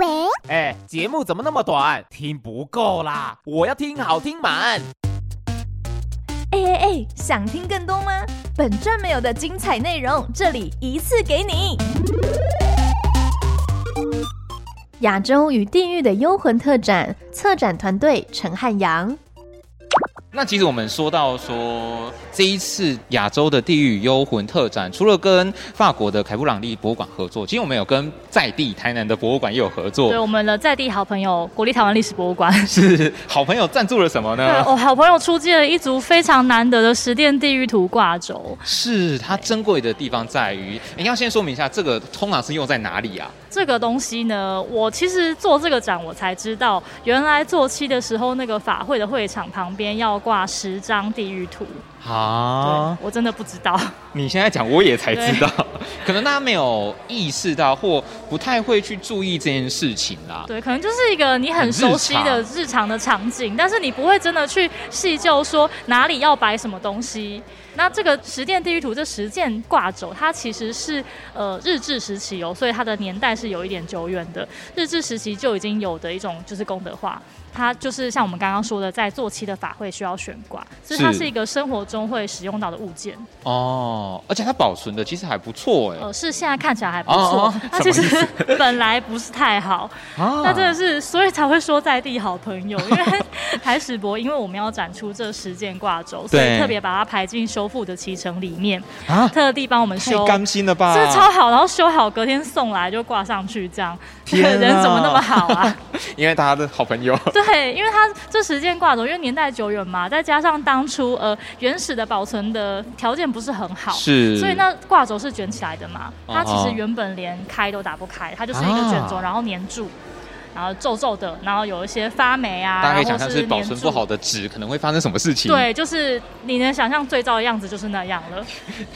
喂，哎、欸，節目怎麼那麼短，聽不夠啦！我要聽好聽滿。哎哎哎，想聽更多嗎？本傳沒有的精彩內容，這裡一次給你。亞洲與地獄的幽魂特展，策展團隊陳菡暘。那其實我們說到說這一次亞洲的地獄幽魂特展，除了跟法國的凱布朗利博物館合作，其實我們有跟在地台南的博物館也有合作。對，我們的在地好朋友國立台灣歷史博物館。是，好朋友贊助了什麼呢？對，我好朋友出借了一組非常難得的十殿地獄圖掛軸。是，它珍貴的地方在於，你對要先說明一下，這個通常是用在哪裡啊？這個東西呢，我其實做這個展，我才知道，原來做七的時候，那個法會的會場旁邊要掛十張地獄圖啊！我真的不知道。你現在講，我也才知道，對可能大家沒有意識到，或不太會去注意這件事情啦、啊。對，可能就是一個你很熟悉的日常的場景，但是你不會真的去細究說哪裡要擺什麼東西。那這個十殿地獄圖這十殿掛軸，它其實是呃日治時期哦，所以它的年代是有一點久遠的。日治時期就已經有的一種就是功德畫。它就是像我們剛剛說的，在做期的法會需要懸掛，所以它是一個生活中會使用到的物件。哦，而且它保存的其實還不錯哎、欸呃。是現在看起來還不錯。哦哦，它其實本來不是太好。啊、那真的是，所以才會說在地好朋友，因為。 台史博，因為我們要展出這十件掛軸，所以特別把它排進修復的期程裡面。啊，特地幫我們修，太甘心了吧！這超好，然後修好隔天送來就掛上去，這樣。天哪！人怎麼那麼好啊？因為大家的好朋友。對，因為他這十件掛軸，因為年代久遠嘛，再加上當初呃原始的保存的條件不是很好，是，所以那掛軸是卷起來的嘛，它其實原本連開都打不開，它就是一個卷軸，啊、然後黏住。然後皺皺的，然後有一些發霉啊，大家可以想象是保存不好的紙住可能會發生什麼事情。對，就是你能想象最糟的樣子就是那樣了，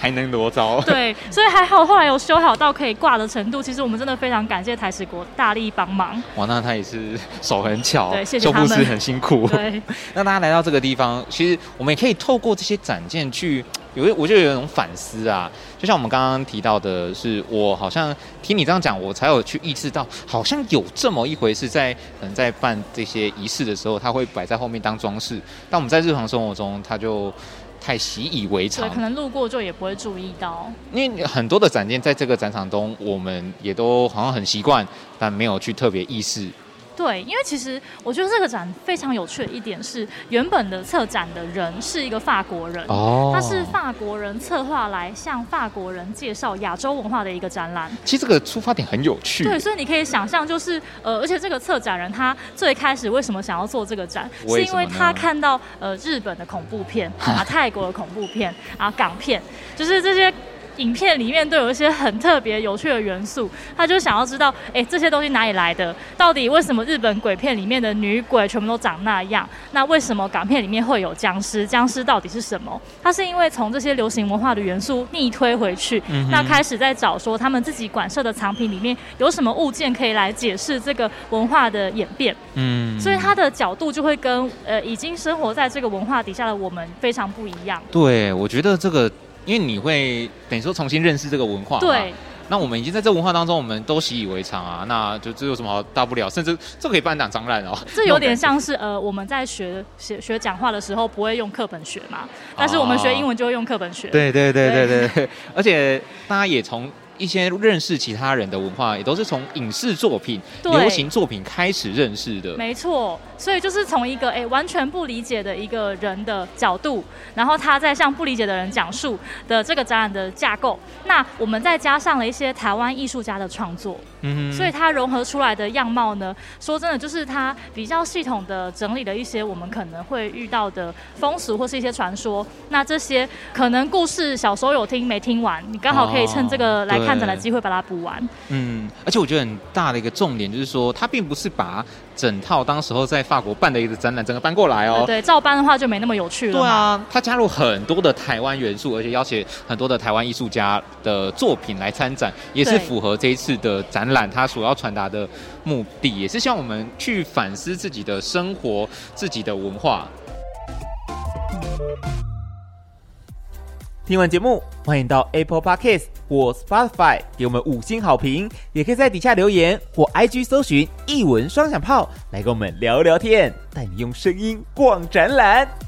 還能多糟？對，所以還好後來有修好到可以掛的程度。其實我們真的非常感謝臺史博大力幫忙。哇，那他也是手很巧，對謝謝他們修復師很辛苦。對，那大家來到這個地方，其實我們也可以透過這些展件去。有，我就有一種反思啊，就像我們剛剛提到的是，是我好像聽你這樣講，我才有去意識到，好像有這麼一回事在，在可能在辦這些儀式的時候，他會擺在後面當裝飾，但我們在日常生活中，他就太習以為常。對，可能路過就也不會注意到。因為很多的展件在這個展場中，我們也都好像很習慣，但沒有去特別意識。對，因為其實我覺得這個展非常有趣的一點是，原本的策展的人是一個法國人，Oh. 他是法國人策劃來向法國人介紹亞洲文化的一個展覽。其實這個出發點很有趣。對，所以你可以想象，就是呃，而且這個策展人他最開始為什麼想要做這個展，是因為他看到呃日本的恐怖片 啊、泰國的恐怖片啊、港片，就是這些。影片裡面都有一些很特別有趣的元素，他就想要知道，哎、欸，這些東西哪裡來的？到底為什麼日本鬼片裡面的女鬼全部都長那樣？那為什麼港片裡面會有殭屍？殭屍到底是什麼？他是因為從這些流行文化的元素逆推回去，嗯、哼那開始在找說他們自己館舍的藏品裡面有什麼物件可以來解釋這個文化的演變。嗯，嗯，所以他的角度就會跟呃已經生活在這個文化底下的我們非常不一樣。對，我覺得這個。因為你會等於說重新認識這個文化好不好？對。那我們已經在這文化當中，我們都習以為常啊，那就這有什麼大不了？甚至這可以辦檔展覽哦。這有點像是 呃，我們在學學學講話的時候不會用課本學嘛，哦、但是我們學英文就會用課本學。對對對對對，對。 而且大家也從。一些認識其他人的文化，也都是從影視作品、對流行作品開始認識的。沒錯，所以就是從一個哎、欸、完全不理解的一個人的角度，然後他在向不理解的人講述的這個展覽的架構。那我們再加上了一些台灣藝術家的創作，嗯哼，所以他融合出來的樣貌呢，說真的，就是他比較系統的整理了一些我們可能會遇到的風俗或是一些傳說。那這些可能故事小時候有聽沒聽完，你剛好可以趁這個來。看展的機會把它補完。嗯，而且我覺得很大的一個重點就是說，他並不是把整套當時候在法國辦的一個展覽整個搬過來哦。對，照搬的話就沒那麼有趣了。對啊，他加入很多的台灣元素，而且邀請很多的台灣藝術家的作品來參展，也是符合這一次的展覽對他所要傳達的目的，也是希望我們去反思自己的生活、自己的文化。聽完節目，歡迎到 Apple Podcast 或 Spotify 給我們五星好評，也可以在底下留言或 IG 搜尋“藝文雙響炮”來跟我們聊一聊天，帶你用聲音逛展覽。